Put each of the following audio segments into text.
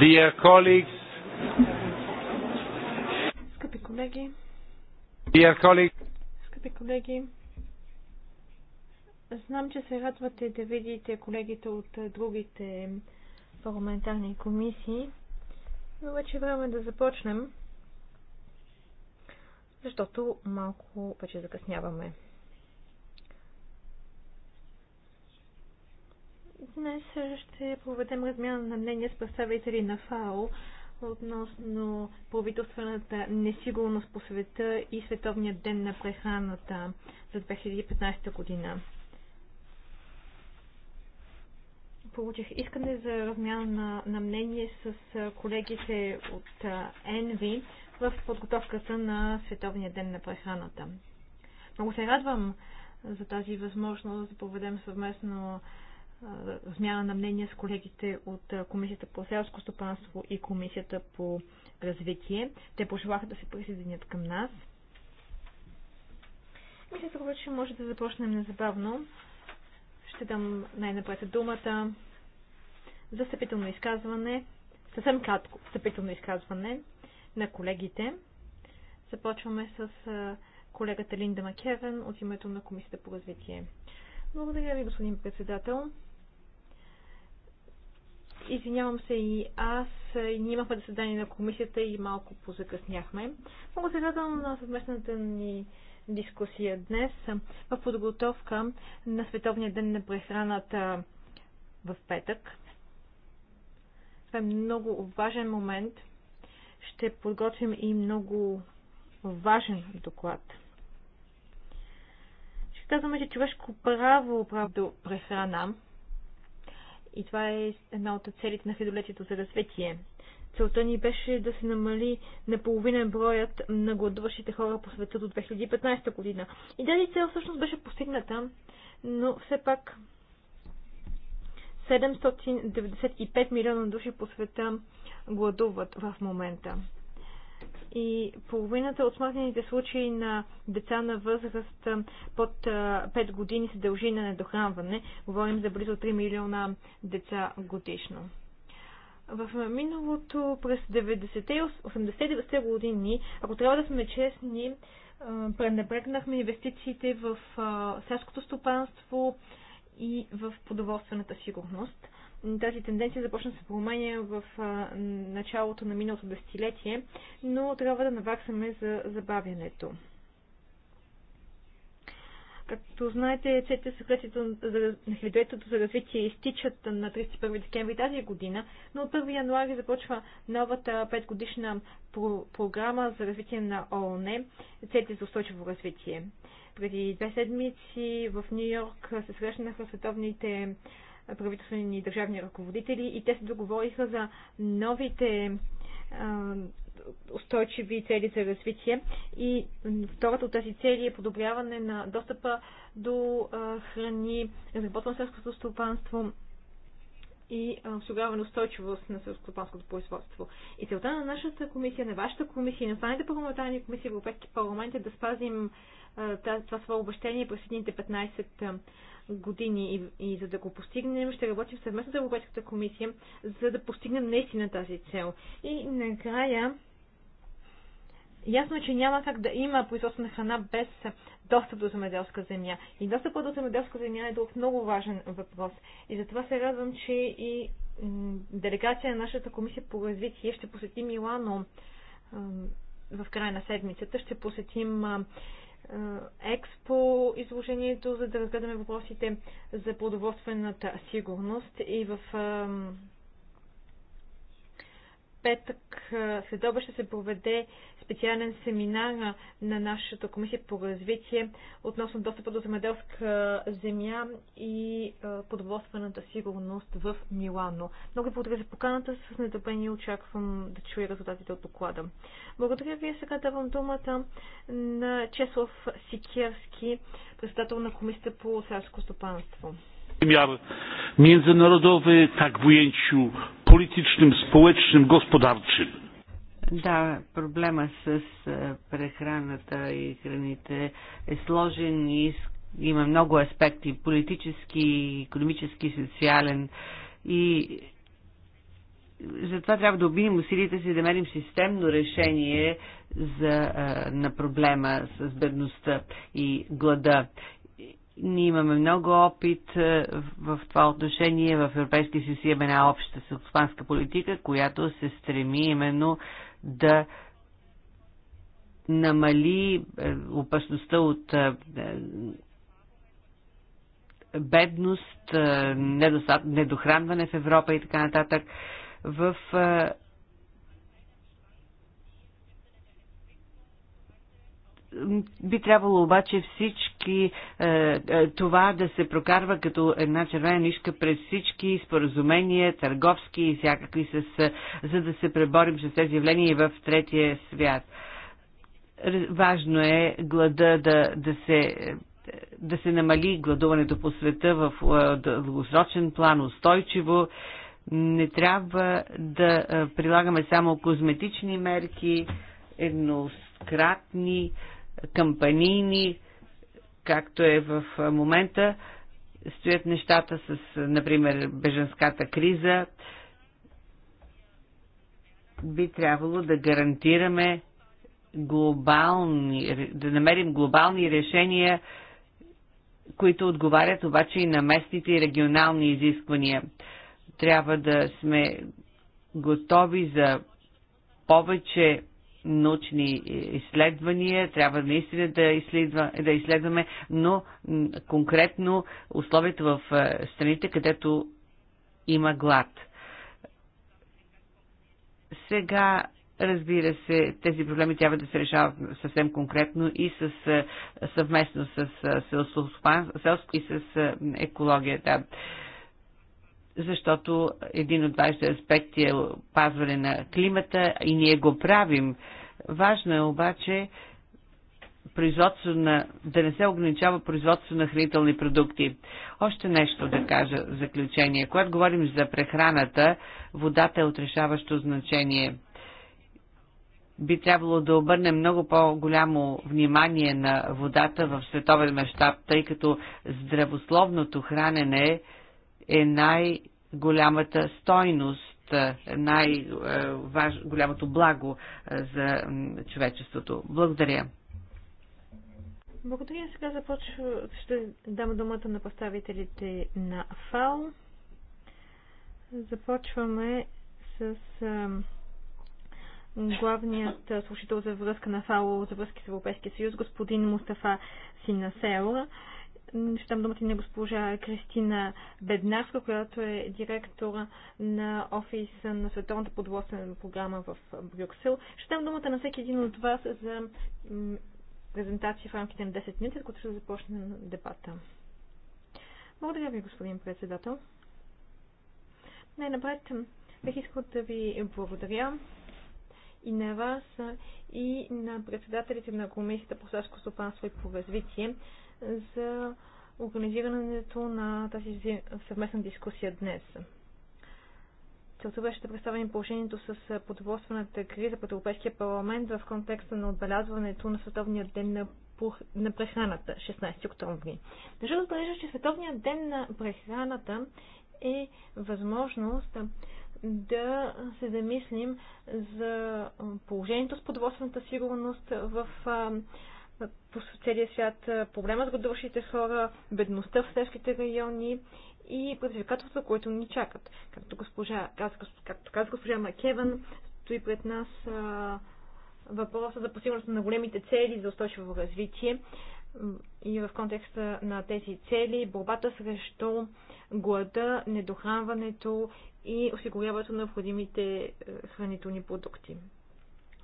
Dear colleagues, скъпи колеги, Dear colleagues, скъпи колеги, знам, че се радвате да видите колегите от другите парламентарни комисии, но вече е време да започнем, защото малко вече закъсняваме. Днес ще проведем размяна на мнения с представители на ФАО относно правителствената несигурност по света и Световния ден на прехраната за 2015 година. Получих искане за размяна на, на мнение с колегите от ЕНВИ в подготовката на Световния ден на прехраната. Много се радвам за тази възможност да проведем съвместно размяна на мнения с колегите от Комисията по селско стопанство и Комисията по развитие. Те пожелаха да се присъединят към нас. Мисля, това, че може да започнем незабавно. Ще дам най-напред думата за стъпително изказване, съвсем кратко стъпително изказване на колегите. Започваме с колегата Линда Макевен от името на Комисията по развитие. Благодаря ви, господин председател. Извинявам се и аз. Ние имахме заседание на комисията и малко позакъсняхме. Много се радвам на съвместната ни дискусия днес в подготовка на Световния ден на прехраната в петък. Това е много важен момент. Ще подготвим и много важен доклад. Ще казваме, че човешко право, право до прехрана, и това е една от целите на хидролетието за развитие. Целта ни беше да се намали наполовина броят на гладуващите хора по света до 2015 година. И тази цел всъщност беше постигната, но все пак 795 милиона души по света гладуват в момента и половината от смъртните случаи на деца на възраст под 5 години се дължи на недохранване. Говорим за близо 3 милиона деца годишно. В миналото през 90-те и 80-те години, ако трябва да сме честни, пренебрегнахме инвестициите в селското стопанство и в продоволствената сигурност. Тази тенденция започна да се променя в началото на миналото десетилетие, но трябва да наваксаме за забавянето. Както знаете, целите съгласието на хилядолетието за развитие изтичат на 31 декември тази година, но от 1 януари започва новата 5-годишна програма за развитие на ООН, цвете за устойчиво развитие. Преди две седмици в Нью Йорк се срещнаха световните правителствени държавни ръководители и те се договориха за новите устойчиви цели за развитие. И втората от тези цели е подобряване на достъпа до храни, разработване на селското стопанство и осигуряване устойчивост на селскостопанското производство. И целта на нашата комисия, на вашата комисия и на останалите парламентарни комисии в Европейски парламент е да спазим това свое обещание през следните 15 години и, и за да го постигнем, ще работим съвместно с Европейската комисия, за да постигнем наистина тази цел. И накрая, ясно е, че няма как да има производство на храна без достъп до земеделска земя. И достъп до земеделска земя е друг много важен въпрос. И затова се радвам, че и делегация на нашата комисия по развитие ще посети Милано в края на седмицата. Ще посетим е, експо изложението, за да разгледаме въпросите за продоволствената сигурност и в петък следоба ще се проведе специален семинар на нашата комисия по развитие относно достъпа до земеделска земя и подводствената сигурност в Милано. Много ви благодаря за поканата, с нетърпение очаквам да чуя резултатите от доклада. Благодаря ви, сега давам думата на Чеслав Сикерски, председател на комисията по селско стопанство. Międzynarodowy, tak так военчу politycznym, społecznym, gospodarczym. Да, проблема с прехраната и храните е сложен и има много аспекти политически, економически, социален и затова трябва да обидим усилията си да мерим системно решение за, на проблема с бедността и глада. Ние имаме много опит е, в това отношение. В Европейския съюз имаме една обща селскостопанска политика, която се стреми именно да намали е, опасността от е, бедност, недохранване в Европа и така нататък. В Би трябвало обаче всички е, е, това да се прокарва като една червена нишка през всички споразумения, търговски и всякакви, с, е, за да се преборим с тези явления в третия свят. Важно е глада да, да се да се намали гладуването по света в дългосрочен план устойчиво. Не трябва да прилагаме само козметични мерки, еднократни кампанийни, както е в момента, стоят нещата с, например, беженската криза. Би трябвало да гарантираме глобални, да намерим глобални решения, които отговарят обаче и на местните и регионални изисквания. Трябва да сме готови за повече научни изследвания, трябва наистина да, изследва, да изследваме, но конкретно условията в е, страните, където има глад. Сега Разбира се, тези проблеми трябва да се решават съвсем конкретно и с, е, съвместно с е, селско и с екологията защото един от вашите аспекти е пазване на климата и ние го правим. Важно е обаче производство на, да не се ограничава производство на хранителни продукти. Още нещо да кажа в заключение. Когато говорим за прехраната, водата е отрешаващо значение. Би трябвало да обърнем много по-голямо внимание на водата в световен мащаб, тъй като здравословното хранене е е най-голямата стойност, е най-голямото благо е, за човечеството. Благодаря. Благодаря. Сега започва, ще дам думата на представителите на ФАО. Започваме с главният служител за връзка на ФАО за връзки с Европейския съюз, господин Мустафа Синасела ще дам думата на госпожа Кристина Беднарска, която е директор на офиса на Световната подводствена програма в Брюксел. Ще дам думата на всеки един от вас за презентация в рамките на 10 минути, когато ще започнем дебата. Благодаря ви, господин председател. Най-напред бих искал да ви благодаря и на вас, и на председателите на Комисията по селско стопанство и по развитие за организирането на тази съвместна дискусия днес. Целта беше да представим положението с продоволствената криза пред Европейския парламент в контекста на отбелязването на Световния ден на, на прехраната 16 октомври. Държа да отбележа, че Световният ден на прехраната е възможност да се замислим за положението с продоволствената сигурност в по целия свят, проблема с градушите хора, бедността в селските райони и предизвикателства, които ни чакат. Както, госпожа, както каза госпожа Макеван, стои пред нас а, въпроса за постигането на големите цели за устойчиво развитие и в контекста на тези цели борбата срещу глада, недохранването и осигуряването на необходимите е, хранителни продукти.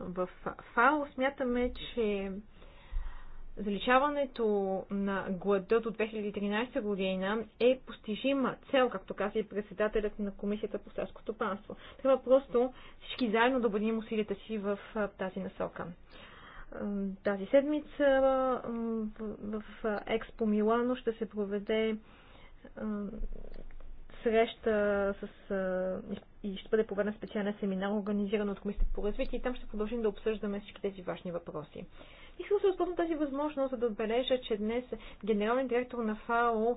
В ФАО смятаме, че заличаването на глада до 2013 година е постижима цел, както каза и председателят на Комисията по селско стопанство. Трябва просто всички заедно да обединим усилията си в тази насока. Тази седмица в Експо Милано ще се проведе среща с, и ще бъде проведен специален семинар, организиран от Комисията по развитие и там ще продължим да обсъждаме всички тези важни въпроси. Искам да се използвам тази възможност, за да отбележа, че днес генералният директор на ФАО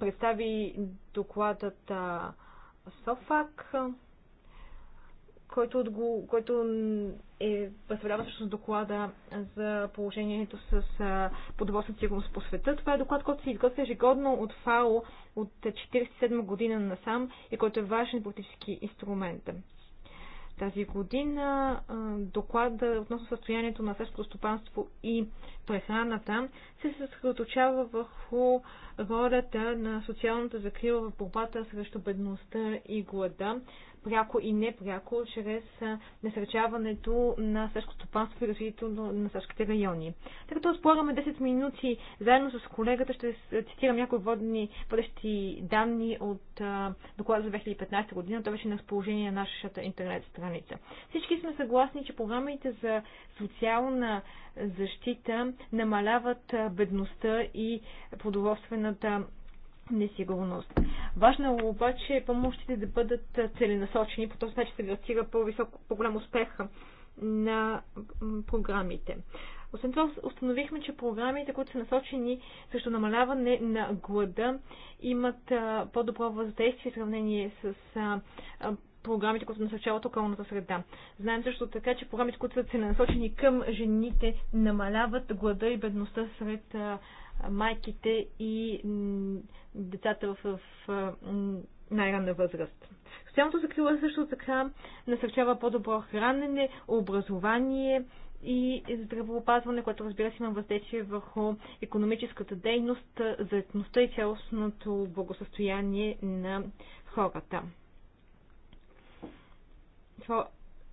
представи докладът СОФАК, който, отго, който е, представлява всъщност доклада за положението с а, сигурност по света. Това е доклад, който се изготвя ежегодно от ФАО от 1947 година насам и който е важен политически инструмент. Тази година доклада относно състоянието на селското стопанство и прехраната се съсредоточава върху ролята на социалната закрила в борбата срещу бедността и глада, пряко и непряко, чрез насърчаването на същото стопанство и развитието на селските райони. Тъй като спораме 10 минути, заедно с колегата ще цитирам някои водни, водещи данни от доклада за 2015 година. Това беше на разположение на нашата интернет страница. Всички сме съгласни, че програмите за социална защита намаляват бедността и продоволствената несигурност. Важно е обаче помощите да бъдат целенасочени, по този начин се гарантира по-висок, по-голям успех на програмите. Освен това, установихме, че програмите, които са насочени срещу намаляване на глада, имат по-добро въздействие в сравнение с програмите, които насърчават околната среда. Знаем също така, че програмите, които са целенасочени към жените, намаляват глада и бедността сред майките и децата в, най-ранна възраст. Социалното закрила също така насърчава по-добро хранене, образование и здравеопазване, което разбира се има въздействие върху економическата дейност, заедността и цялостното благосъстояние на хората. Това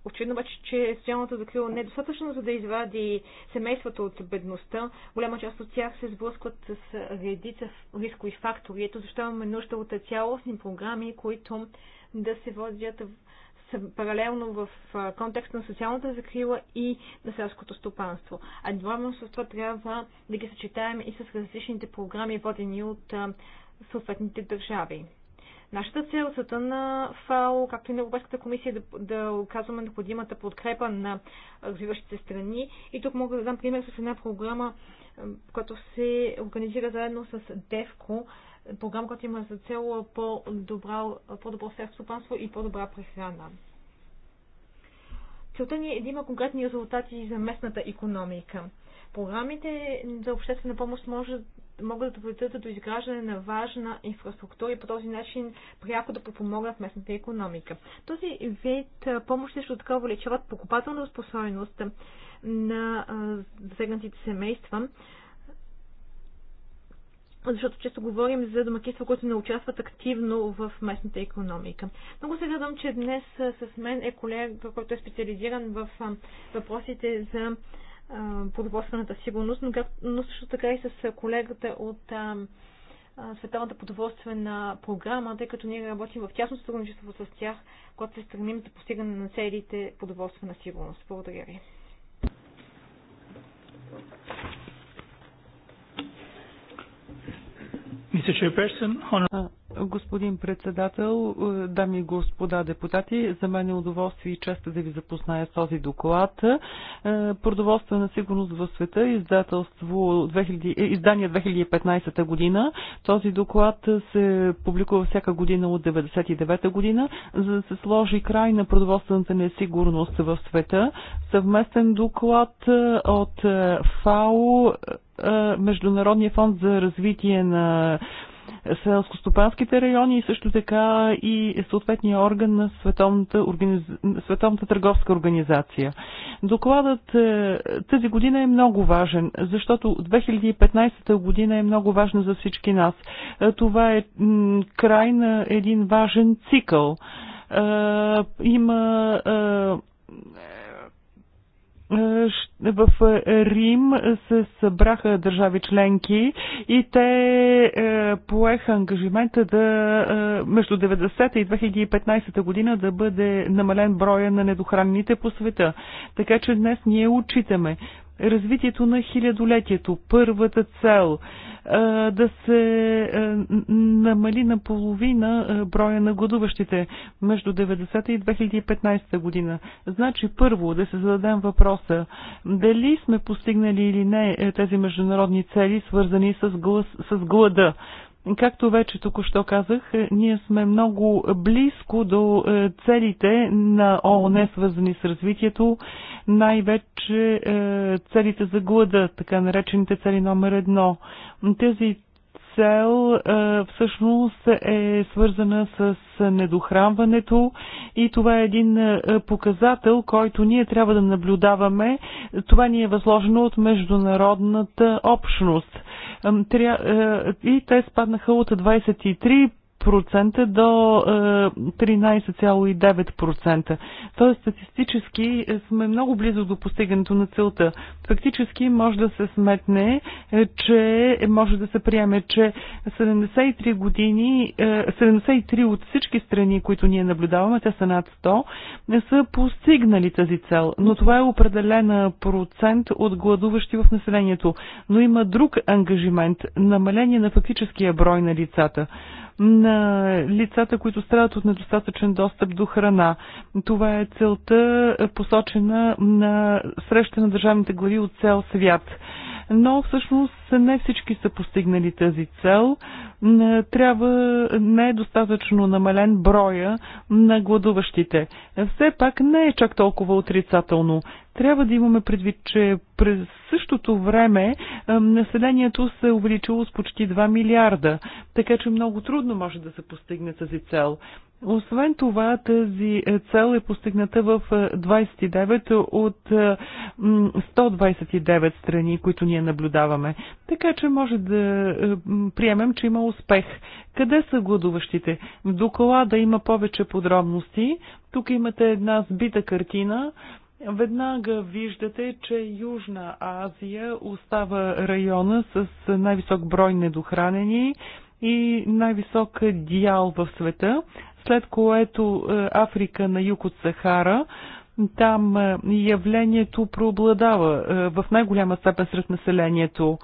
Очевидно обаче, че социалната закрила не е достатъчно, за да извади семейството от бедността. Голяма част от тях се сблъскват с редица рискови фактори. Ето защо имаме нужда от цялостни програми, които да се водят паралелно в контекста на социалната закрила и на селското стопанство. А едновременно с това трябва да ги съчетаем и с различните програми, водени от съответните държави. Нашата цел, целта на ФАО, както и на Европейската комисия, е да, да оказваме необходимата подкрепа на развиващите страни. И тук мога да дам пример с една програма, която се организира заедно с ДЕВКО, програма, която има за цел по-добро по и по-добра прехрана. Целта ни е да има конкретни резултати за местната економика. Програмите за обществена помощ може могат да доведат до изграждане на важна инфраструктура и по този начин пряко да подпомогнат местната економика. Този вид помощ също така увеличават покупателна способност на засегнатите семейства, защото често говорим за домакинства, които не участват активно в местната економика. Много се радвам, че днес с мен е колега, който е специализиран в въпросите за продоволствената сигурност, но, как, но също така и с колегата от а, Световната продоволствена програма, тъй като ние работим в тясно сътрудничество с тях, когато се стремим за постигане на целите продоволствена сигурност. Благодаря ви. Mr. Chairperson, Господин председател, е, дами и господа депутати, за мен е удоволствие и чест да ви запозная с този доклад. Е, на сигурност в света, издателство 2000, е, издание 2015 година. Този доклад се публикува всяка година от 1999 година, за да се сложи край на продоволствената несигурност в света. Съвместен доклад от ФАО, Международния фонд за развитие на селскостопанските райони и също така и съответния орган на Световната, организ... Световната търговска организация. Докладът е, тази година е много важен, защото 2015 година е много важна за всички нас. Е, това е край на един важен цикъл. Е, има е, в е, Рим се събраха държави членки и те е, поеха ангажимента да между 90 и 2015 година да бъде намален броя на недохранените по света. Така че днес ние отчитаме развитието на хилядолетието. Първата цел да се намали на половина броя на годуващите между 90-та и 2015 година. Значи първо да се зададем въпроса дали сме постигнали или не е, тези международни цели, свързани с, глас, с глада. Както вече току-що казах, е, ние сме много близко до е, целите на ООН, свързани с развитието, най-вече е, целите за глада, така наречените цели номер едно. Тези цел е, всъщност е свързана с недохранването и това е един е, показател, който ние трябва да наблюдаваме. Това ни е възложено от международната общност. Е, и те спаднаха от 23 10% до 13,9%. Е, Тоест статистически е, сме много близо до постигането на целта. Фактически може да се сметне, е, че може да се приеме, че 73 години, 73 от всички страни, които ние наблюдаваме, те са над 100, не са постигнали тази цел. Но това е определена процент от гладуващи в населението. Но има друг ангажимент – намаление на фактическия брой на лицата на лицата, които страдат от недостатъчен достъп до храна. Това е целта е, посочена на среща на държавните глави от цял свят. Но всъщност не всички са постигнали тази цел. Трябва не е достатъчно намален броя на гладуващите. Все пак не е чак толкова отрицателно. Трябва да имаме предвид, че през същото време населението се е увеличило с почти 2 милиарда, така че много трудно може да се постигне тази цел. Освен това, тази е, цел е постигната в 29 е, от 129 е, страни, които ние наблюдаваме. Така че може да е, приемем, че има успех. Къде са гладуващите? В доклада има повече подробности. Тук имате една сбита картина. Веднага виждате, че Южна Азия остава района с най-висок брой недохранени и най-висок дял в света, след което е, Африка на юг от Сахара там е, явлението преобладава в най-голяма степен сред населението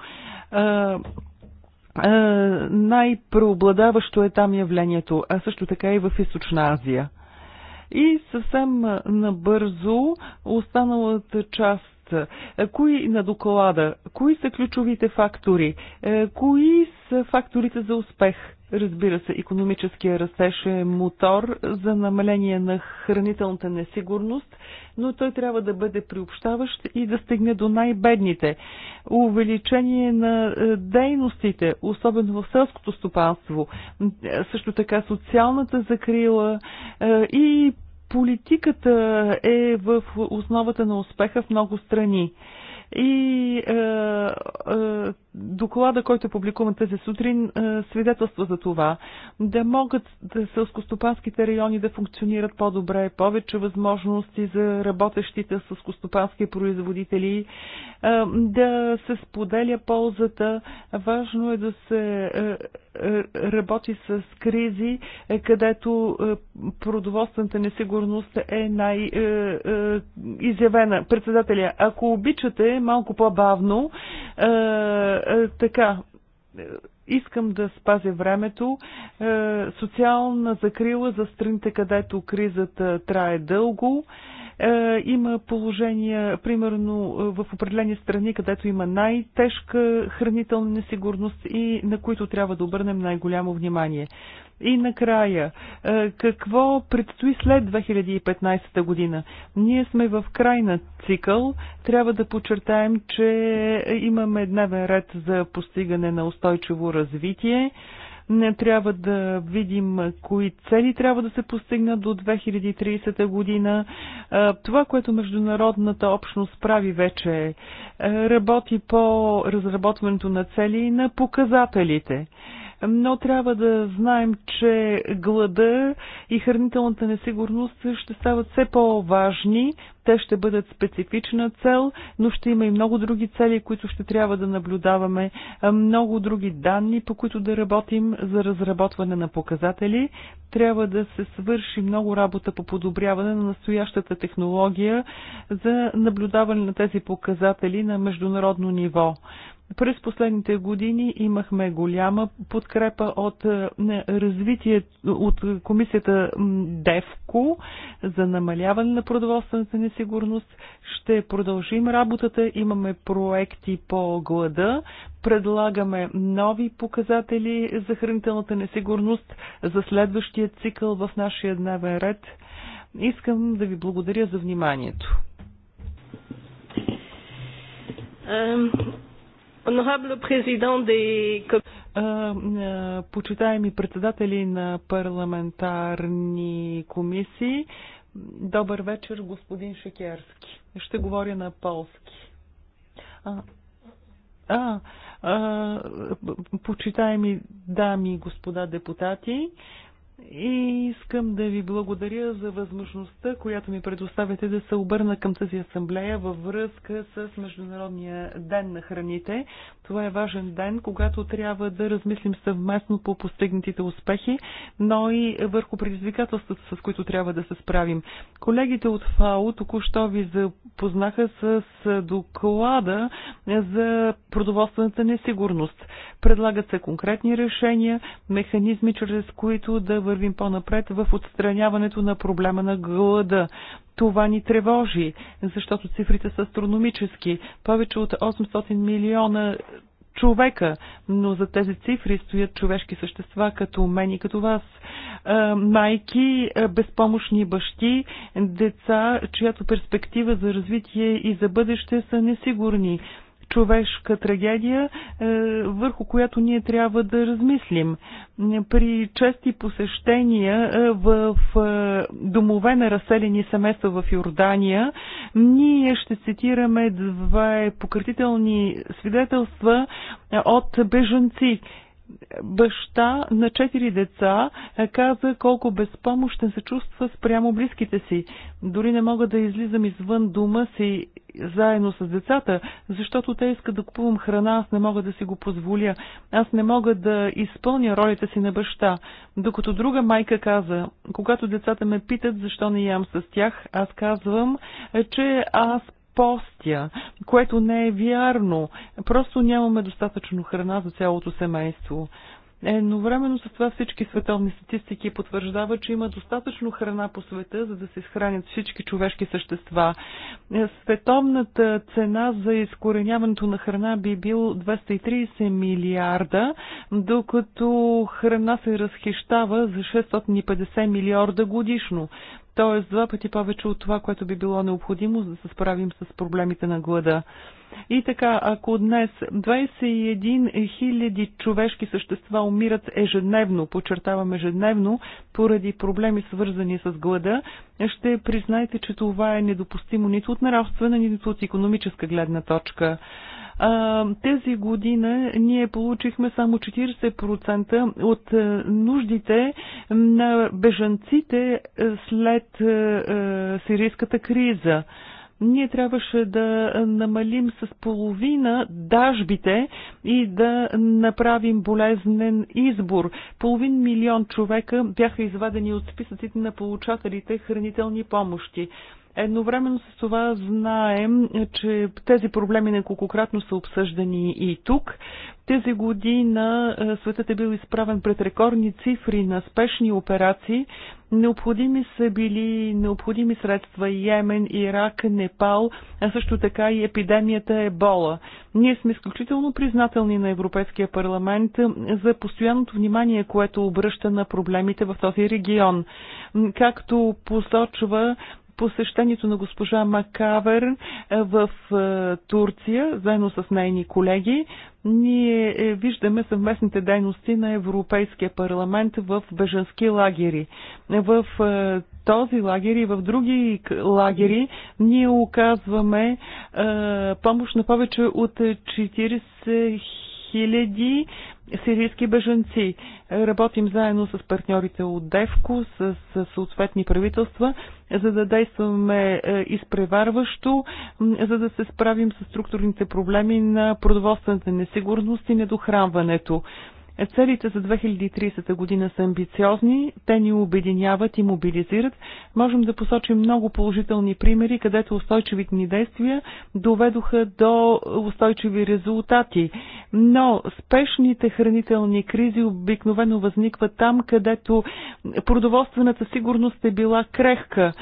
най-преобладаващо е там явлението, а също така и в Източна Азия. И съвсем набързо останалата част. Кои на доклада? Кои са ключовите фактори? Кои са факторите за успех? Разбира се, економическия растеж е мотор за намаление на хранителната несигурност, но той трябва да бъде приобщаващ и да стигне до най-бедните. Увеличение на е, дейностите, особено в селското стопанство, е, също така социалната закрила е, и политиката е в основата на успеха в много страни. И е, е, доклада, който е публикуван тази сутрин, е, свидетелства за това. Да могат да сълскостопанските райони да функционират по-добре, повече възможности за работещите сълскостопански производители, е, да се споделя ползата. Важно е да се. Е, работи с кризи, е, където е, продоволствената несигурност е най-изявена. Е, Председателя, ако обичате, малко по-бавно, така, Искам да спазя времето. Е, социална закрила за страните, където кризата трае дълго. Е, има положения, примерно е, в определени страни, където има най-тежка хранителна несигурност и на които трябва да обърнем най-голямо внимание. И накрая, е, какво предстои след 2015 година? Ние сме в край на цикъл. Трябва да подчертаем, че имаме дневен ред за постигане на устойчиво развитие. Не трябва да видим кои цели трябва да се постигнат до 2030 година. Е, това, което международната общност прави вече е, работи по разработването на цели и на показателите но трябва да знаем, че глада и хранителната несигурност ще стават все по-важни. Те ще бъдат специфична цел, но ще има и много други цели, които ще трябва да наблюдаваме, много други данни, по които да работим за разработване на показатели. Трябва да се свърши много работа по подобряване на настоящата технология за наблюдаване на тези показатели на международно ниво. През последните години имахме голяма подкрепа от е, развитие от комисията ДЕВКО за намаляване на продоволствената несигурност. Ще продължим работата. Имаме проекти по глада. Предлагаме нови показатели за хранителната несигурност за следващия цикъл в нашия дневен ред. Искам да ви благодаря за вниманието. Почитаеми председатели на парламентарни комисии, добър вечер, господин Шекерски. Ще говоря на полски. А, а, а, почитаеми дами и господа депутати, и искам да ви благодаря за възможността, която ми предоставяте да се обърна към тази асамблея във връзка с Международния ден на храните. Това е важен ден, когато трябва да размислим съвместно по постигнатите успехи, но и върху предизвикателствата, с които трябва да се справим. Колегите от ФАО току-що ви запознаха с доклада за продоволствената несигурност. Предлагат се конкретни решения, механизми, чрез които да вървим по-напред в отстраняването на проблема на глада. Това ни тревожи, защото цифрите са астрономически. Повече от 800 милиона човека, но за тези цифри стоят човешки същества, като мен и като вас. Майки, безпомощни бащи, деца, чиято перспектива за развитие и за бъдеще са несигурни човешка трагедия, е, върху която ние трябва да размислим. При чести посещения е, в е, домове на разселени семейства в Йордания, ние ще цитираме две пократителни свидетелства от бежанци баща на четири деца е, каза колко безпомощен се чувства спрямо близките си. Дори не мога да излизам извън дома си заедно с децата, защото те искат да купувам храна, аз не мога да си го позволя. Аз не мога да изпълня ролята си на баща. Докато друга майка каза, когато децата ме питат защо не ям с тях, аз казвам, е, че аз постя, което не е вярно. Просто нямаме достатъчно храна за цялото семейство. Едновременно с това всички световни статистики потвърждават, че има достатъчно храна по света, за да се изхранят всички човешки същества. Световната цена за изкореняването на храна би бил 230 милиарда, докато храна се разхищава за 650 милиарда годишно т.е. два пъти повече от това, което би било необходимо, за да се справим с проблемите на глада. И така, ако днес 21 000 човешки същества умират ежедневно, подчертавам ежедневно, поради проблеми свързани с глада, ще признайте, че това е недопустимо нито от нравствена, нито от економическа гледна точка. Тези година ние получихме само 40% от нуждите на бежанците след сирийската криза ние трябваше да намалим с половина дажбите и да направим болезнен избор. Половин милион човека бяха извадени от списъците на получателите хранителни помощи. Едновременно с това знаем, че тези проблеми неколкократно са обсъждани и тук. Тези година е, светът е бил изправен пред рекордни цифри на спешни операции. Необходими са били необходими средства Йемен, Ирак, Непал, а също така и епидемията Ебола. Ние сме изключително признателни на Европейския парламент за постоянното внимание, което обръща на проблемите в този регион. Както посочва посещението на госпожа Макавер е, в е, Турция, заедно с нейни колеги. Ние е, виждаме съвместните дейности на Европейския парламент в беженски лагери. В този лагер и в други лагери ние оказваме помощ на повече от 40 хиляди хиляди сирийски бежанци. Работим заедно с партньорите от ДЕВКО, с съответни правителства, за да действаме е, изпреварващо, за да се справим с структурните проблеми на продоволствената несигурност и недохранването. Целите за 2030 година са амбициозни, те ни обединяват и мобилизират. Можем да посочим много положителни примери, където устойчивите ни действия доведоха до устойчиви резултати. Но спешните хранителни кризи обикновено възникват там, където продоволствената сигурност е била крехка,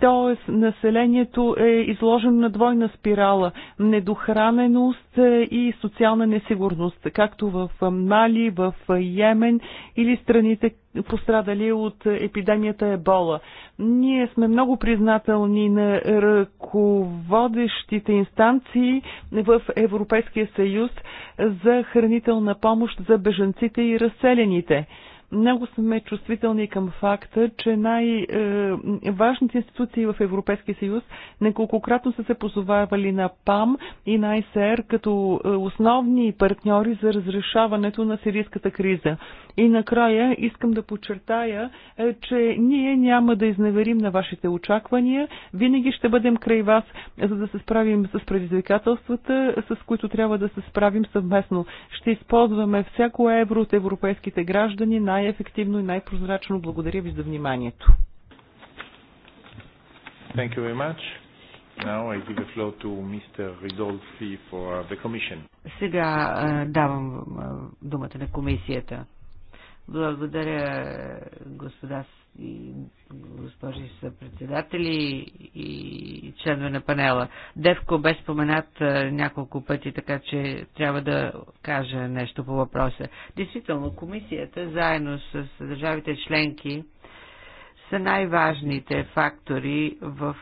т.е. населението е изложено на двойна спирала, недохраненост и социална несигурност, както в Мали, в Йемен или страните пострадали от епидемията Ебола. Ние сме много признателни на ръководещите инстанции в Европейския съюз за хранителна помощ за беженците и разселените. Много сме чувствителни към факта, че най-важните институции в Европейския съюз неколкократно са се позовавали на ПАМ и на ИСР като е, основни партньори за разрешаването на сирийската криза. И накрая искам да подчертая, е, че ние няма да изневерим на вашите очаквания. Винаги ще бъдем край вас, за да се справим с предизвикателствата, с които трябва да се справим съвместно. Ще използваме всяко евро от европейските граждани на най-ефективно и най-прозрачно. Благодаря ви за вниманието. Thank you very much. Now I give the floor to Mr. Ridolfi for uh, the commission. Сега давам думата на комисията. Благодаря, господа и госпожи са председатели и членове на панела. Девко бе споменат няколко пъти, така че трябва да кажа нещо по въпроса. Действително, комисията заедно с държавите членки са най-важните фактори в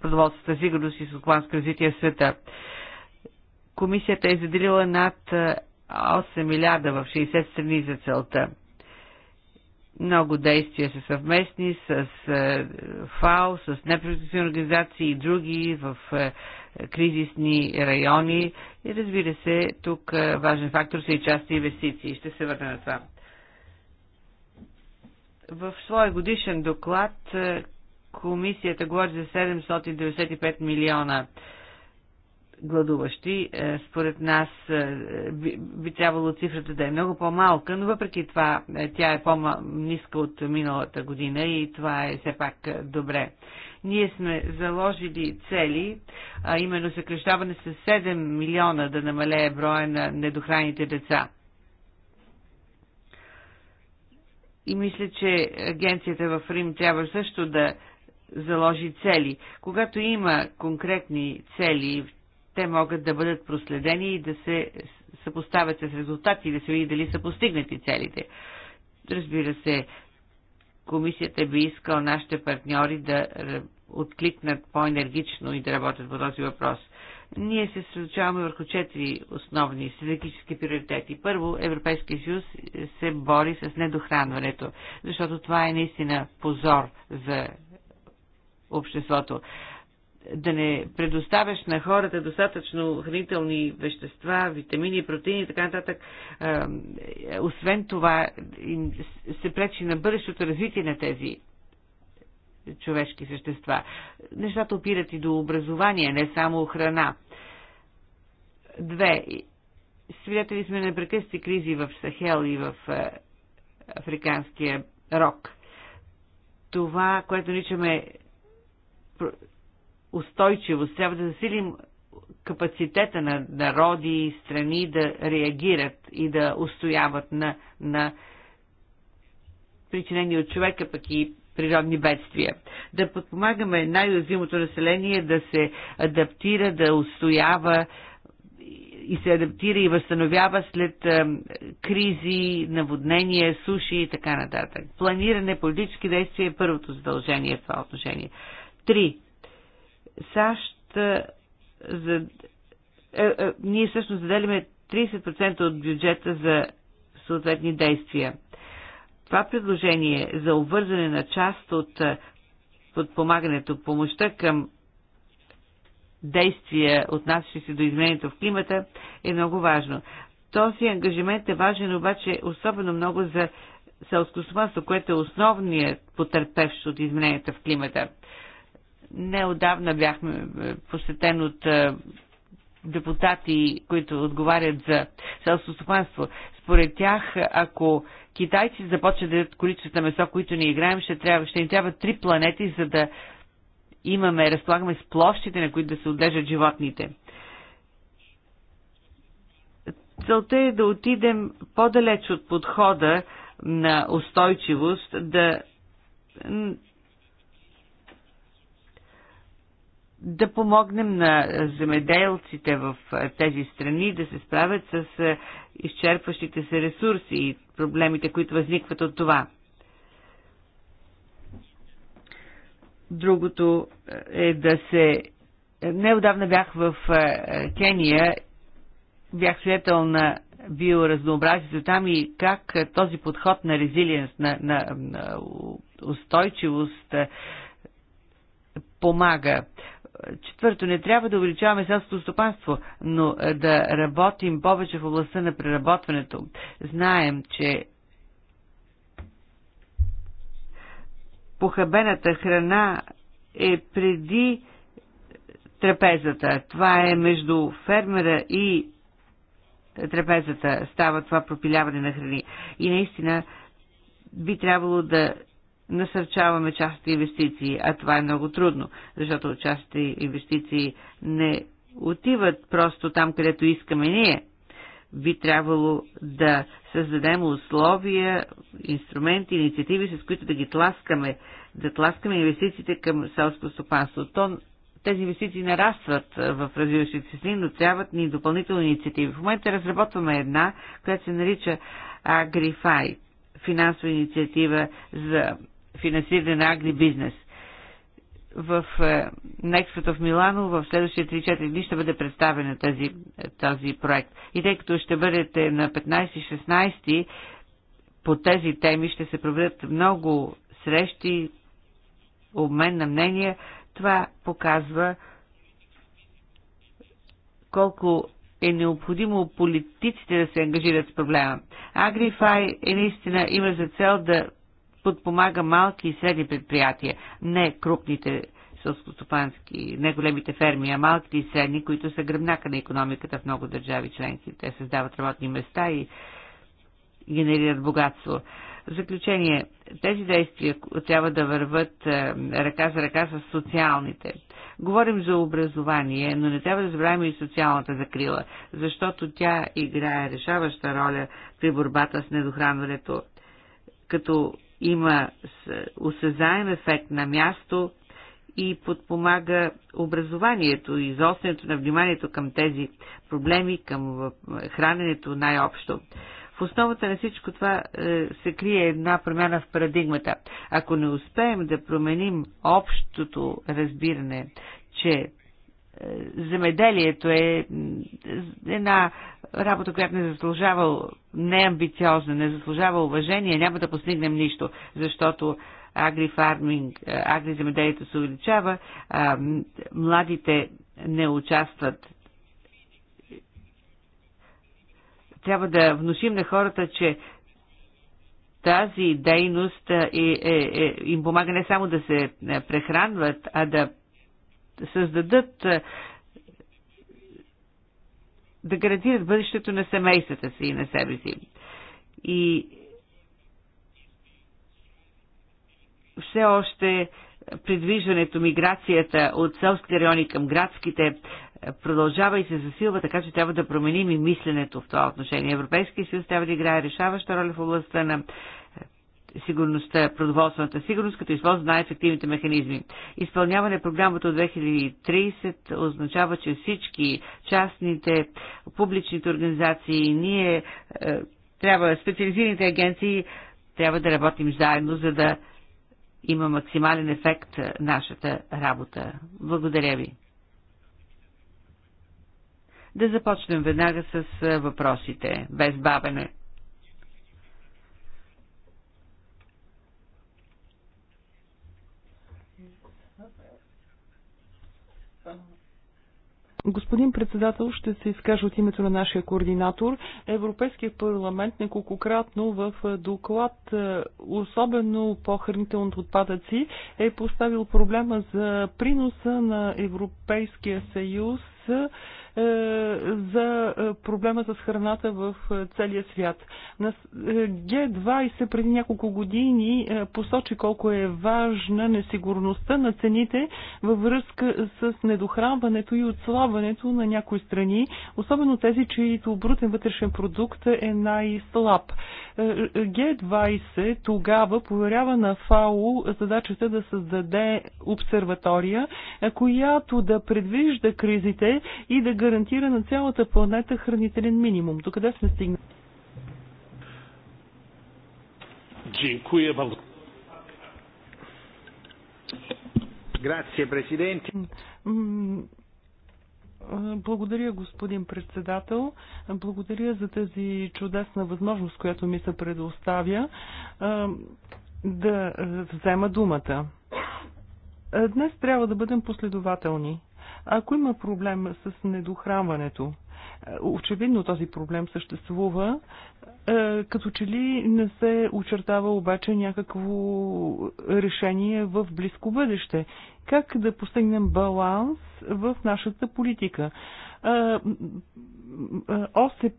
продоволствата сигурност и сухланско развитие в света. Комисията е заделила над 8 милиарда в 60 страни за целта много действия са съвместни с е, ФАО, с неправителствени организации и други в е, кризисни райони. И разбира се, тук е, важен фактор са и частни инвестиции. Ще се върна на това. В своя годишен доклад комисията говори за 795 милиона гладуващи. Е, според нас е, би, би трябвало цифрата да е много по-малка, но въпреки това е, тя е по-ниска от миналата година и това е все пак добре. Ние сме заложили цели, а именно съкрещаване с 7 милиона да намалее броя на недохраните деца. И мисля, че агенцията в Рим трябва също да заложи цели. Когато има конкретни цели, те могат да бъдат проследени и да се съпоставят с резултати, да се види дали са постигнати целите. Разбира се, комисията би искала нашите партньори да е, откликнат по-енергично и да работят по този въпрос. Ние се съсредоточаваме върху четири основни стратегически приоритети. Първо, Европейския съюз се бори с недохранването, защото това е наистина позор за обществото да не предоставяш на хората достатъчно хранителни вещества, витамини, протеини и така нататък, освен това се пречи на бъдещото развитие на тези човешки същества. Нещата опират и до образование, не само храна. Две. Свидетели сме на прекъсти кризи в Сахел и в африканския рок. Това, което наричаме устойчивост. Трябва да засилим капацитета на народи и страни да реагират и да устояват на, на причинени от човека, пък и природни бедствия. Да подпомагаме най-уязвимото население да се адаптира, да устоява и се адаптира и възстановява след е, кризи, наводнения, суши и така нататък. Планиране, политически действия е първото задължение в това отношение. Три. САЩ за... Е, е, ние всъщност заделяме 30% от бюджета за съответни действия. Това предложение за обвързане на част от подпомагането, помощта към действия, отнасящи се до изменението в климата, е много важно. Този ангажимент е важен обаче особено много за селско което е основният потерпевш от измененията в климата. Неодавна бяхме е, посетен от е, депутати, които отговарят за селско стопанство. Според тях, ако китайци започнат да дадат количеството месо, които ни играем, ще, трябва, ще ни трябва три планети, за да имаме, разполагаме с площите, на които да се отглеждат животните. Целта е да отидем по-далеч от подхода на устойчивост, да да помогнем на земеделците в тези страни да се справят с изчерпващите се ресурси и проблемите, които възникват от това. Другото е да се... Неодавна бях в Кения, бях свидетел на биоразнообразието там и как този подход на резилиенс, на, на, на устойчивост помага. Четвърто, не трябва да увеличаваме селското стопанство, но е, да работим повече в областта на преработването. Знаем, че похабената храна е преди трапезата. Това е между фермера и трапезата. Става това пропиляване на храни. И наистина би трябвало да насърчаваме частните инвестиции, а това е много трудно, защото частните инвестиции не отиват просто там, където искаме ние. Би трябвало да създадем условия, инструменти, инициативи, с които да ги тласкаме, да тласкаме инвестициите към селското стопанство. То, тези инвестиции нарастват в развиващите се страни, но трябват ни допълнителни инициативи. В момента разработваме една, която се нарича AgriFi, финансова инициатива за финансиране на агрибизнес. В, е, Некспът в Милано в следващите 3-4 дни ще бъде представен тази, е, този проект. И тъй като ще бъдете на 15-16 по тези теми, ще се проведат много срещи, обмен на мнения. Това показва колко е необходимо политиците да се ангажират с проблема. Агрифай е наистина има за цел да подпомага малки и средни предприятия, не крупните сълскостопански, не големите ферми, а малките и средни, които са гръбнака на економиката в много държави членки. Те създават работни места и генерират богатство. В заключение, тези действия трябва да върват е, ръка за ръка с социалните. Говорим за образование, но не трябва да забравим и социалната закрила, защото тя играе решаваща роля при борбата с недохранването, като има осъзнаем ефект на място и подпомага образованието и изострянето на вниманието към тези проблеми, към храненето най-общо. В основата на всичко това е, се крие една промяна в парадигмата. Ако не успеем да променим общото разбиране, че земеделието е една работа, която не заслужава неамбициозна, не заслужава уважение, няма да постигнем нищо, защото агрифарминг, агриземеделието се увеличава, а, младите не участват. Трябва да внушим на хората, че тази дейност е, е, е, им помага не само да се прехранват, а да създадат е, да гарантират бъдещето на семействата си и на себе си. И все още придвижването, миграцията от селските райони към градските е, продължава и се засилва, така че трябва да променим и мисленето в това отношение. Европейския съюз трябва да играе решаваща роля в областта на сигурността, продоволствената сигурност, като използва най-ефективните механизми. Изпълняване програмата от 2030 означава, че всички частните, публичните организации, ние е, трябва, специализираните агенции, трябва да работим заедно, за да има максимален ефект нашата работа. Благодаря ви. Да започнем веднага с е, въпросите, без бабене. Господин председател, ще се изкажа от името на нашия координатор. Европейският парламент неколкократно в е, доклад, е, особено по хранителните отпадъци, е поставил проблема за приноса на Европейския съюз е, за, за е, проблема с храната в е, целия свят. На Г20 преди няколко години посочи колко е важна несигурността на цените във връзка с недохранването и отслабването на някои страни, особено тези, чието брутен вътрешен продукт е най-слаб. Г20 тогава поверява на ФАО задачата да създаде обсерватория, която да предвижда кризите и да гарантира на цялата планета хранителен минимум. До къде сме стигнали? Dziękuję Благодаря, господин председател. Благодаря за тази чудесна възможност, която ми се предоставя да взема думата. Днес трябва да бъдем последователни. Ако има проблем с недохранването, е, очевидно този проблем съществува, е, като че ли не се очертава обаче някакво решение в близко бъдеще. Как да постигнем баланс в нашата политика? Е, ОСП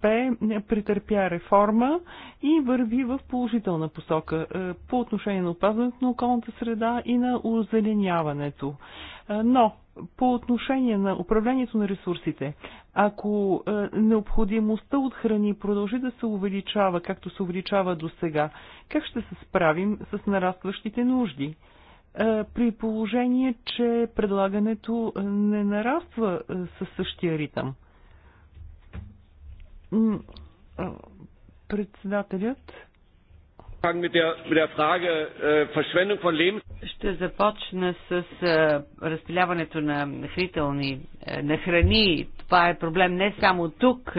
претърпя реформа и върви в положителна посока е, по отношение на опазването на околната среда и на озеленяването. Е, но по отношение на управлението на ресурсите, ако е, необходимостта от храни продължи да се увеличава, както се увеличава до сега, как ще се справим с нарастващите нужди? при положение, че предлагането не нараства със същия ритъм. Председателят. Е, Ще започна с е, разпиляването на хранителни е, на храни. Това е проблем не само тук,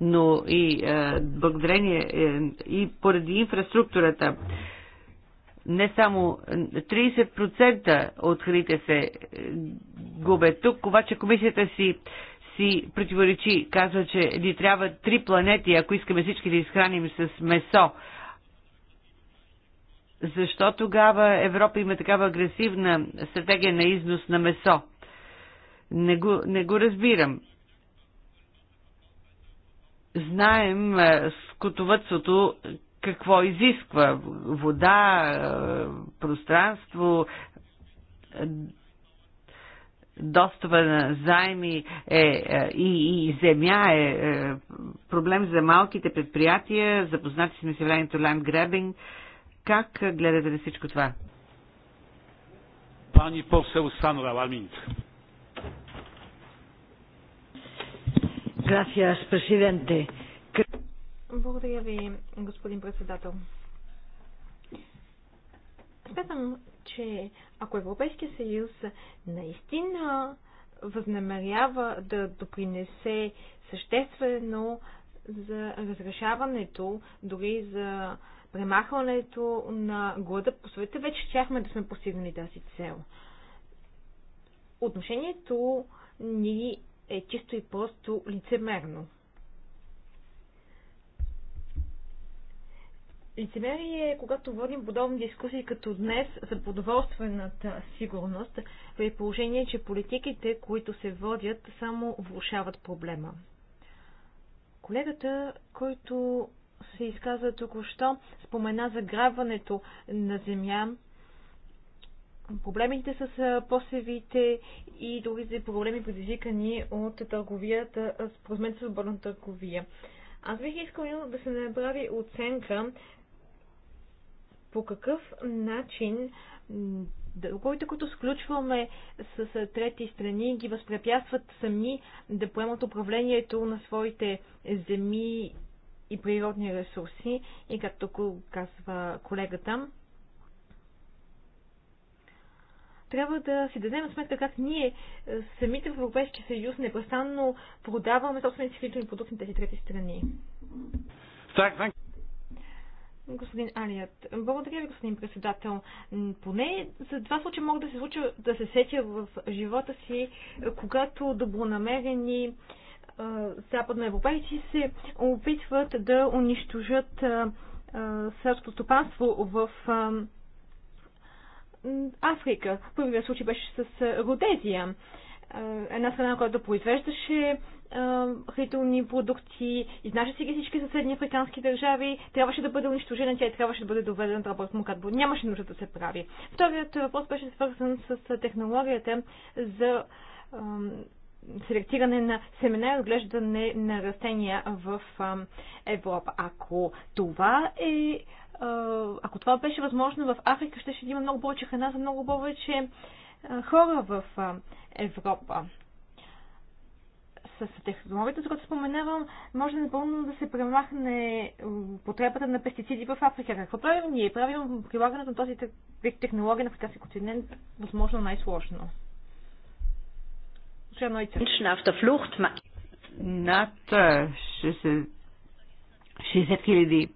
но и благодарение и поради инфраструктурата не само 30% от храните се губят тук, обаче комисията си си противоречи. Казва, че ни трябва три планети, ако искаме всички да изхраним с месо. Защо тогава Европа има такава агресивна стратегия на износ на месо? Не го, не го разбирам. Знаем е, скотовътството какво изисква. Вода, е, пространство, достава на заеми е, е, и, и земя е, е проблем за малките предприятия. Запознати сме с явлението land grabbing. Как гледате на всичко това? Пани посел Санова, Lamint. Благодаря ви, господин председател. Смятам, че ако Европейския съюз наистина възнамерява да допринесе съществено за разрешаването, дори за премахването на глада по света, вече щяхме да сме постигнали тази цел. Отношението ни е чисто и просто лицемерно. Лицемерие е, когато водим подобни дискусии като днес за продоволствената сигурност, при положение, че политиките, които се водят, само влушават проблема. Колегата, който се изказа току-що, спомена заграбването на земя, проблемите с посевите и другите проблеми, предизвикани от търговията, с за свободна търговия. Аз бих искал да се направи оценка по какъв начин договорите, които сключваме с трети страни, ги възпрепятстват сами да поемат управлението на своите земи и природни ресурси. И както казва колегата, трябва да си дадем сметка как ние е, самите в Европейския съюз непрестанно продаваме собствените си продукти на тези трети страни. Господин Алият, благодаря ви, господин председател. Поне за два случая мога да се случа да се сетя в живота си, когато добронамерени западноевропейци се опитват да унищожат селското стопанство в Африка. Първият случай беше с Родезия една страна, която произвеждаше хранителни продукти, изнася си ги всички съседни африкански държави, трябваше да бъде унищожена, тя и трябваше да бъде доведена до работно мукатбо. Нямаше нужда да се прави. Вторият въпрос беше свързан с технологията за селектиране на семена и отглеждане на растения в Европа. Ако това е ако това беше възможно в Африка, ще, ще има много повече храна за много повече хора в Европа. С технологията, за която споменавам, може напълно да се премахне потребата на пестициди в Африка. Какво правим ние? Правим прилагането на този вид технология на африкански континент възможно най-сложно. Над 60 хиляди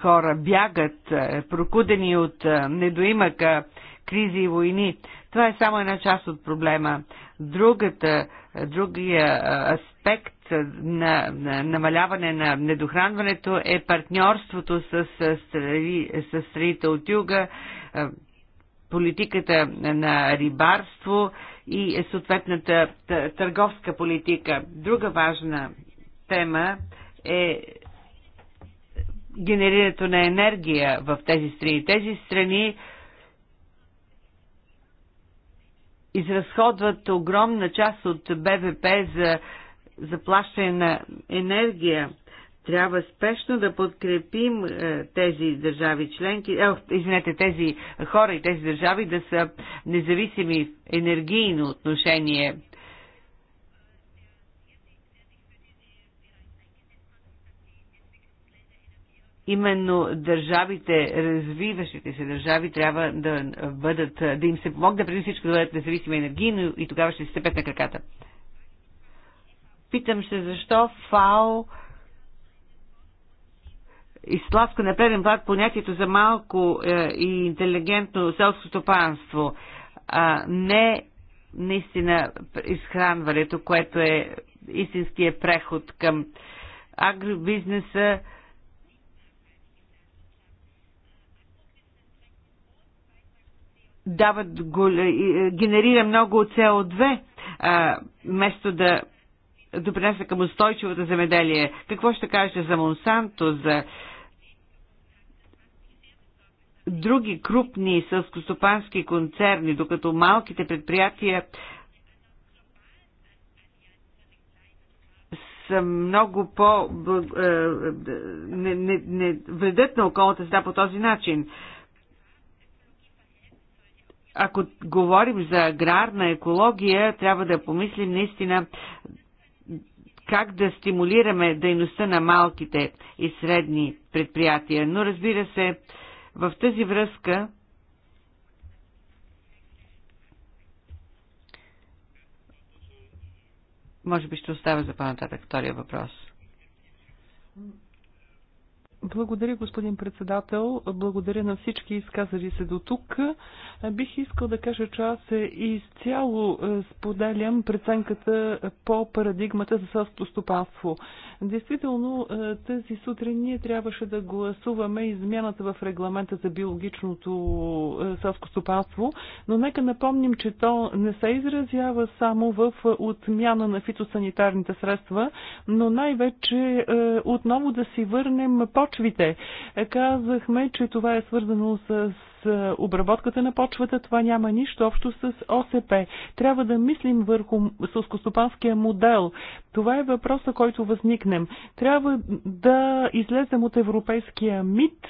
хора бягат, прокудени от недоимъка кризи и войни. Това е само една част от проблема. Другата, другия аспект на, намаляване на недохранването е партньорството с, страни, с страните от юга, политиката на рибарство и съответната търговска политика. Друга важна тема е генерирането на енергия в тези страни. Тези страни изразходват огромна част от БВП за заплащане на енергия. Трябва спешно да подкрепим е, тези държави членки, е, извинете, тези хора и тези държави да са независими в енергийно отношение именно държавите, развиващите се държави, трябва да бъдат, да им се помогне преди всичко да бъдат независими енергийно и тогава ще се стъпят на краката. Питам се защо ФАО изтласка на преден плат понятието за малко е, и интелигентно селско стопанство, а не наистина изхранването, което е истинския преход към агробизнеса, дават, генерира много CO2, вместо да допринася към устойчивото земеделие. Какво ще кажете за Монсанто, за други крупни сълскостопански концерни, докато малките предприятия са много по... Е, е, не, не, не вредят на околната среда по този начин ако говорим за аграрна екология, трябва да помислим наистина как да стимулираме дейността на малките и средни предприятия. Но разбира се, в тази връзка може би ще оставя за по-нататък втория въпрос. Благодаря, господин председател. Благодаря на всички изказали се до тук. Бих искал да кажа, че аз изцяло е, споделям преценката по парадигмата за селското стопанство. Действително, е, тази сутрин ние трябваше да гласуваме измяната в регламента за биологичното е, селско стопанство, но нека напомним, че то не се изразява само в отмяна на фитосанитарните средства, но най-вече отново да си върнем по почвите. Казахме, че това е свързано с е, обработката на почвата, това няма нищо общо с ОСП. Трябва да мислим върху сълскостопанския модел. Това е въпроса, който възникнем. Трябва да излезем от европейския мит,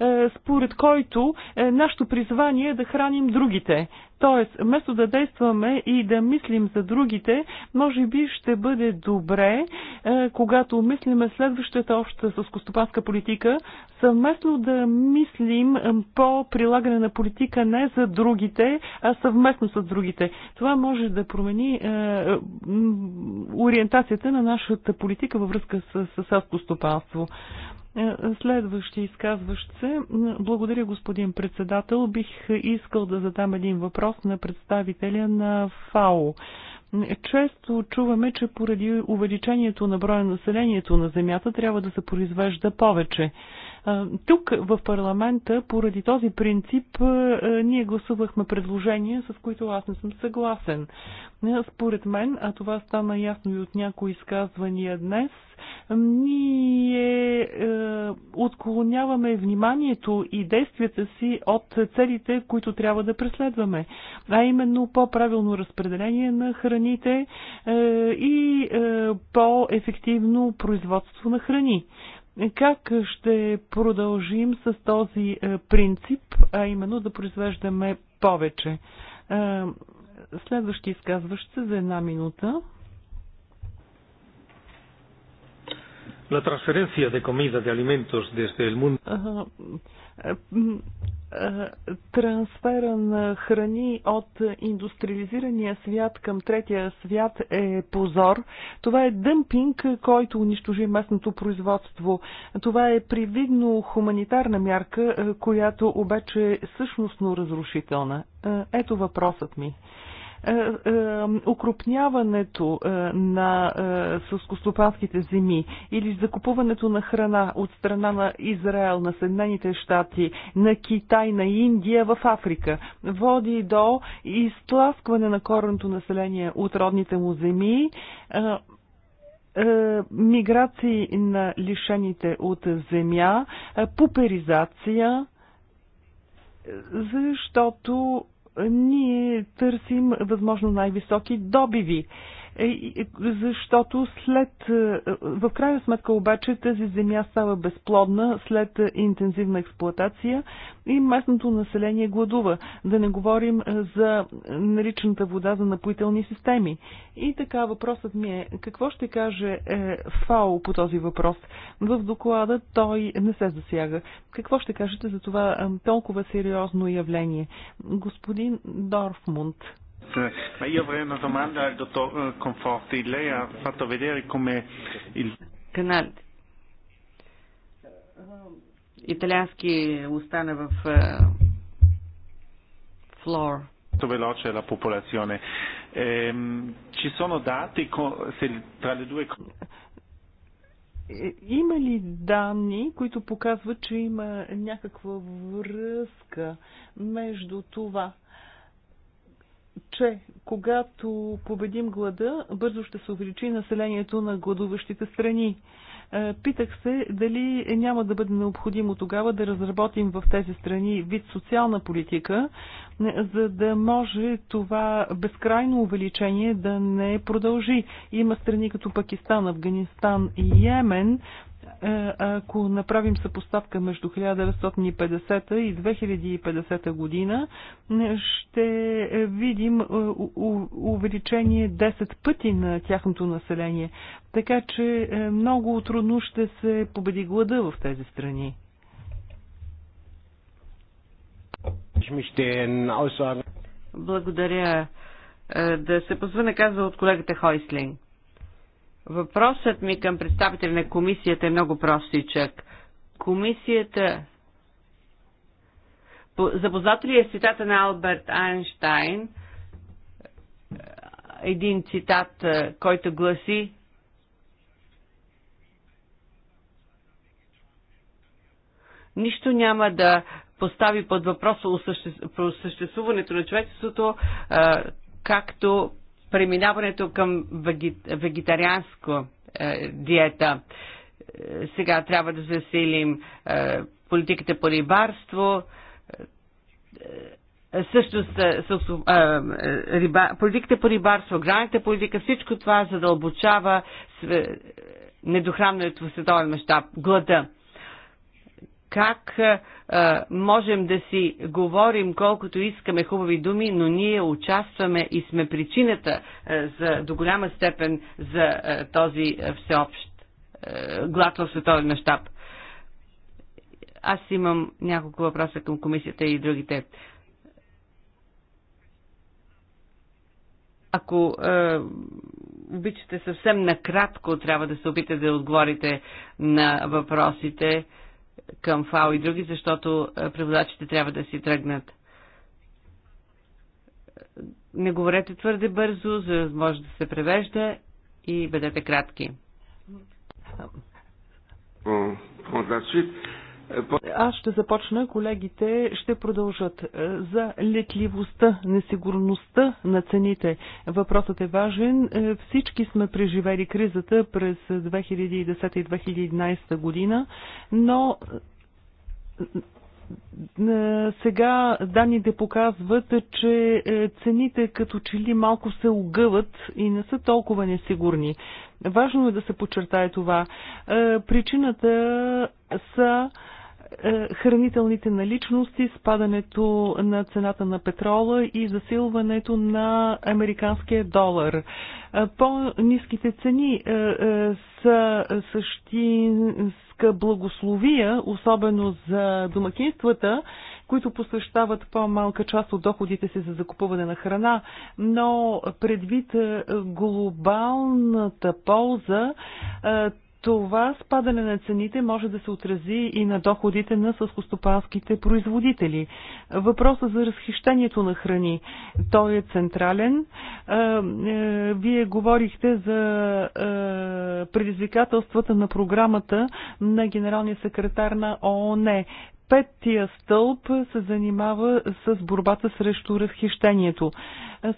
е, според който е, нашето призвание е да храним другите. Тоест, вместо да действаме и да мислим за другите, може би ще бъде добре, когато мислиме следващата обща съскостопанска политика, съвместно да мислим по прилагането прилагане на политика не за другите, а съвместно с другите. Това може да промени е, ориентацията на нашата политика във връзка с, с селско стопанство. Е, следващи изказващ се. Благодаря, господин председател. Бих искал да задам един въпрос на представителя на ФАО. Често чуваме, че поради увеличението на броя населението на Земята трябва да се произвежда повече. Тук в парламента, поради този принцип, ние гласувахме предложения, с които аз не съм съгласен. Според мен, а това стана ясно и от някои изказвания днес, ние е, отклоняваме вниманието и действията си от целите, които трябва да преследваме, а именно по-правилно разпределение на храните е, и е, по-ефективно производство на храни. Как ще продължим с този е, принцип, а именно да произвеждаме повече? Е, следващи изказващ се за една минута. La transferencia de comida, de alimentos desde el mundo. Е, е, трансфера на храни от индустриализирания свят към третия свят е позор. Това е дъмпинг, който унищожи местното производство. Това е привидно хуманитарна мярка, е, която обаче е същностно разрушителна. Ето въпросът ми. Е, е, укрупняването е, на сълскостопанските земи или закупуването на храна от страна на Израел, на Съединените щати, на Китай, на Индия в Африка води до изтласкване на коренното население от родните му земи, миграции на лишените от земя, пуперизация, защото ние търсим възможно най-високи добиви. Е, е, защото след, е, в крайна сметка обаче тази земя става безплодна след интензивна експлоатация и местното население гладува. Да не говорим за наличната вода за напоителни системи. И така въпросът ми е, какво ще каже ФАО по този въпрос? В доклада той не се засяга. Какво ще кажете за това толкова сериозно явление? Господин Дорфмунд, Ma io avrei una domanda al dottor Conforti. Lei ha fatto vedere come il... Canale. Канал. Италиански остана floor. Molto Veloce la popolazione. Ehm, ci sono dati se tra le due има ли данни, които показват, че има някаква връзка между това, че когато победим глада, бързо ще се увеличи населението на гладуващите страни. Е, питах се дали няма да бъде необходимо тогава да разработим в тези страни вид социална политика, е, за да може това безкрайно увеличение да не продължи. Има страни като Пакистан, Афганистан и Йемен, е, ако направим съпоставка между 1950 и 2050 година, ще видим е, увеличение 10 пъти на тяхното население. Така че е, много трудно ще се победи глада в тези страни. Благодаря. Да се позвъне казва от колегата Хойслинг. Въпросът ми към представителя на комисията е много простичък. Комисията запознат ли е с цитата на Алберт Айнштайн? Един цитат, е, който гласи Нищо няма да постави под въпрос съществуването на човечеството, е, както преминаването към вегетарианско е, диета. Е, сега трябва да засилим е, политиката по рибарство, също с, с, а, риба, политиката по рибарство, граната политика, всичко това задълбочава недохранването в световен мащаб, глада как а, можем да си говорим колкото искаме хубави думи, но ние участваме и сме причината а, за, до голяма степен за а, този всеобщ а, глад в световен мащаб. Аз имам няколко въпроса към комисията и другите. Ако е, обичате съвсем накратко, трябва да се опитате да отговорите на въпросите. Е, към ФАО и други, защото е, преводачите трябва да си тръгнат. Не говорете твърде бързо, за да може да се превежда и бъдете кратки. Аз ще започна, колегите ще продължат. За летливостта, несигурността на цените. Въпросът е важен. Всички сме преживели кризата през 2010 и 2011 година, но сега данните показват, че е, цените като че ли малко се огъват и не са толкова несигурни. Важно е да се подчертае това. Е, причината са е, хранителните наличности, спадането на цената на петрола и засилването на американския долар. Е, по-низките цени е, са същинска благословия, особено за домакинствата, които посвещават по-малка част от доходите си за закупуване на храна, но предвид глобалната полза, това спадане на цените може да се отрази и на доходите на съскостопанските производители. Въпросът за разхищението на храни, той е централен. Е, е, вие говорихте за е, предизвикателствата на програмата на генералния секретар на ООН петия стълб се занимава с борбата срещу разхищението.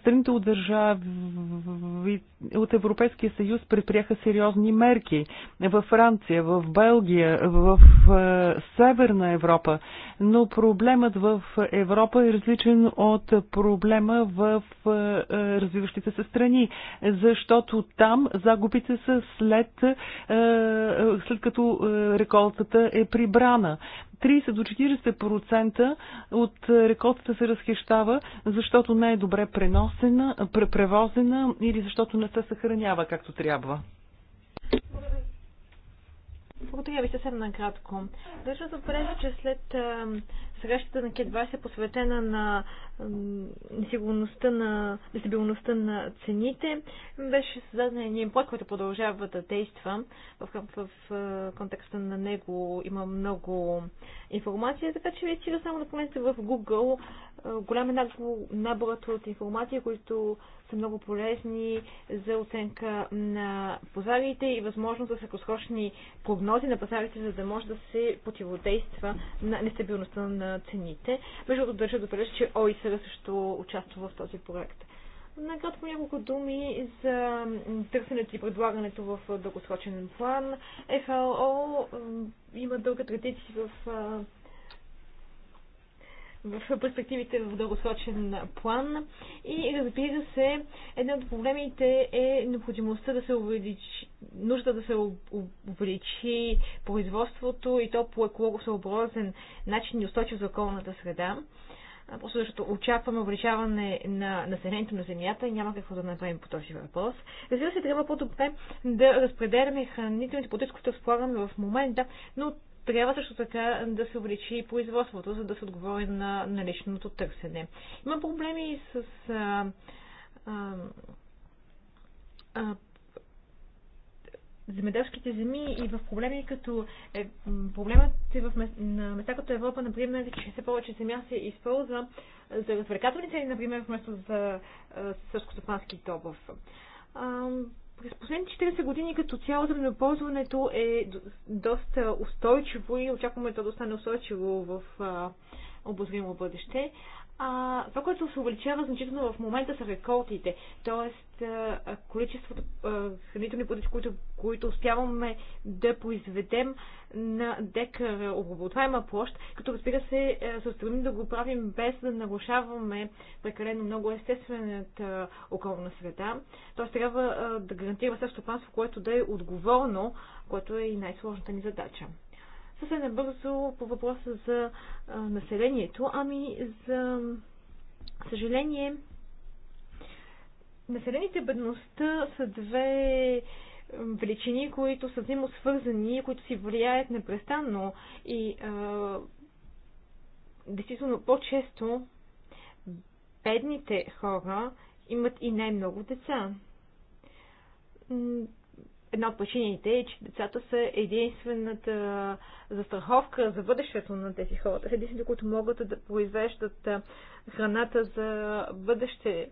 Страните от държави от Европейския съюз предприеха сериозни мерки във Франция, в Белгия, в е, Северна Европа, но проблемът в Европа е различен от проблема в е, е, развиващите се страни, защото там загубите са след, след като реколтата е прибрана. 30 до 40% от рекордата се разхищава, защото не е добре преносена, превозена или защото не се съхранява както трябва. Благодаря ви съвсем накратко. Държа да отбележа, че след срещата на Кедва е посветена на несигурността на нестабилността на цените. Беше създаден един импорт, който продължава да действа. В, в, в контекста на него има много информация, така че вие стига само да погледнете в Google е, голям е наборът от информация, които са много полезни за оценка на пазарите и възможност за краткосрочни прогнози на пазарите, за да може да се противодейства на нестабилността на на цените. Между другото, държа да отбележа, че ОИСР също участва в този проект. Накратко няколко думи за търсенето и предлагането в дългосрочен план. ФЛО има дълга традиция в в перспективите в дългосрочен план. И разбира се, една от проблемите е необходимостта да се увеличи, нужда да се увеличи производството и то по екологосъобразен начин и устойчив за околната среда. Просто защото очакваме увеличаване на населението на Земята и няма какво да направим по този въпрос. Разбира се, трябва по-добре да разпределяме хранителните продукти, които разполагаме в момента, но трябва също така да се увеличи производството, за да се отговори на наличното търсене. Има проблеми и с а, а, а, земеделските земи и в проблеми като е, проблемът е в мес, на места като Европа, например, че все повече земя се използва за развлекателни цели, например, вместо за сърскостопански добъв. През последните 40 години като цяло земеползването е доста устойчиво и очакваме то да стане устойчиво в обозримо бъдеще. А това, което се увеличава значително в момента са реколтите, т.е. количеството хранителни продукти, които, които успяваме да произведем на декар обработваема площ, като разбира се, се стремим да го правим без да нарушаваме прекалено много естествената околна среда. Т.е. трябва да гарантираме също стопанство, което да е отговорно, което е и най-сложната ни задача. Съвсем набързо по въпроса за а, населението, ами за съжаление населените бедността са две величини, които са взаимосвързани, които си влияят непрестанно и а, действително по-често бедните хора имат и най-много деца една от причините е, че децата са единствената застраховка за бъдещето на тези хора. Те са единствените, които могат да произвеждат храната за бъдеще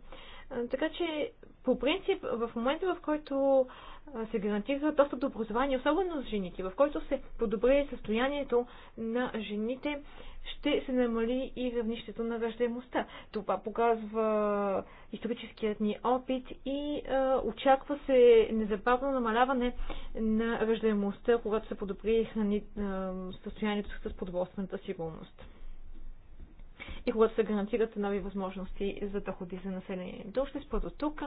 така че, по принцип, в момента, в който се гарантира достъп до образование, особено за жените, в който се подобри състоянието на жените, ще се намали и равнището на раждаемостта. Това показва историческият ни опит и а, очаква се незабавно намаляване на раждаемостта, когато се подобри състоянието с подводствената сигурност и когато се гарантират нови възможности за доходи за населението. Ще спра до тук.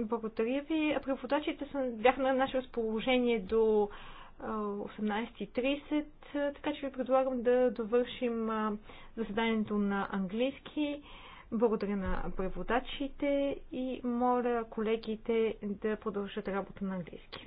Благодаря ви. Преводачите са, бяха на наше разположение до 18.30, така че ви предлагам да довършим заседанието на английски. Благодаря на преводачите и моля колегите да продължат работа на английски.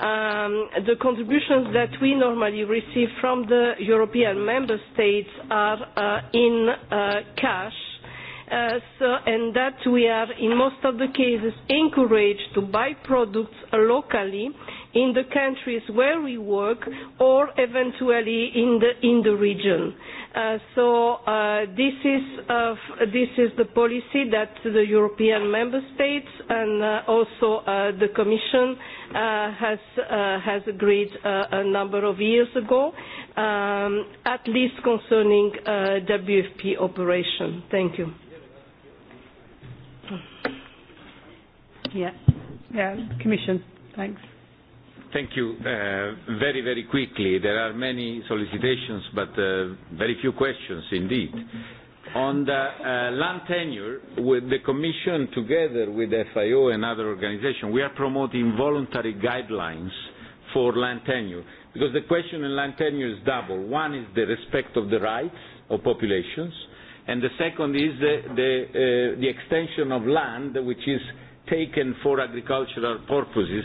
um, the contributions that we normally receive from the European member states are uh, in uh, cash. Uh, so, and that we are in most of the cases encouraged to buy products locally in the countries where we work or eventually in the, in the region. Uh, so uh this is uh this is the policy that the European member states and uh also uh the Commission uh has uh has agreed uh a number of years ago, um, at least concerning uh WFP operation. Thank you. Yeah. Yeah. Commission. Thanks. Thank you. Very, very quickly, there are many solicitations, but very few questions indeed. On the land tenure, with the Commission, together with FIO and other organizations, we are promoting voluntary guidelines for land tenure, because the question in land tenure is double. One is the respect of the rights of populations, and the second is the the the extension of land, which is taken for agricultural purposes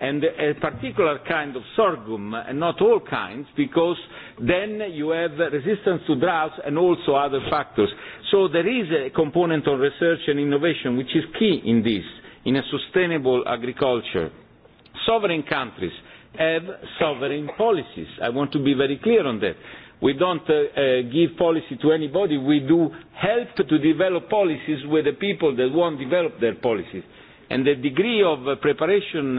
and a particular kind of sorghum, and not all kinds, because then you have resistance to droughts and also other factors. So there is a component of research and innovation which is key in this, in a sustainable agriculture. Sovereign countries have sovereign policies. I want to be very clear on that. We don't uh, uh, give policy to anybody. We do help to develop policies with the people that won't develop their policies. And the degree of uh, preparation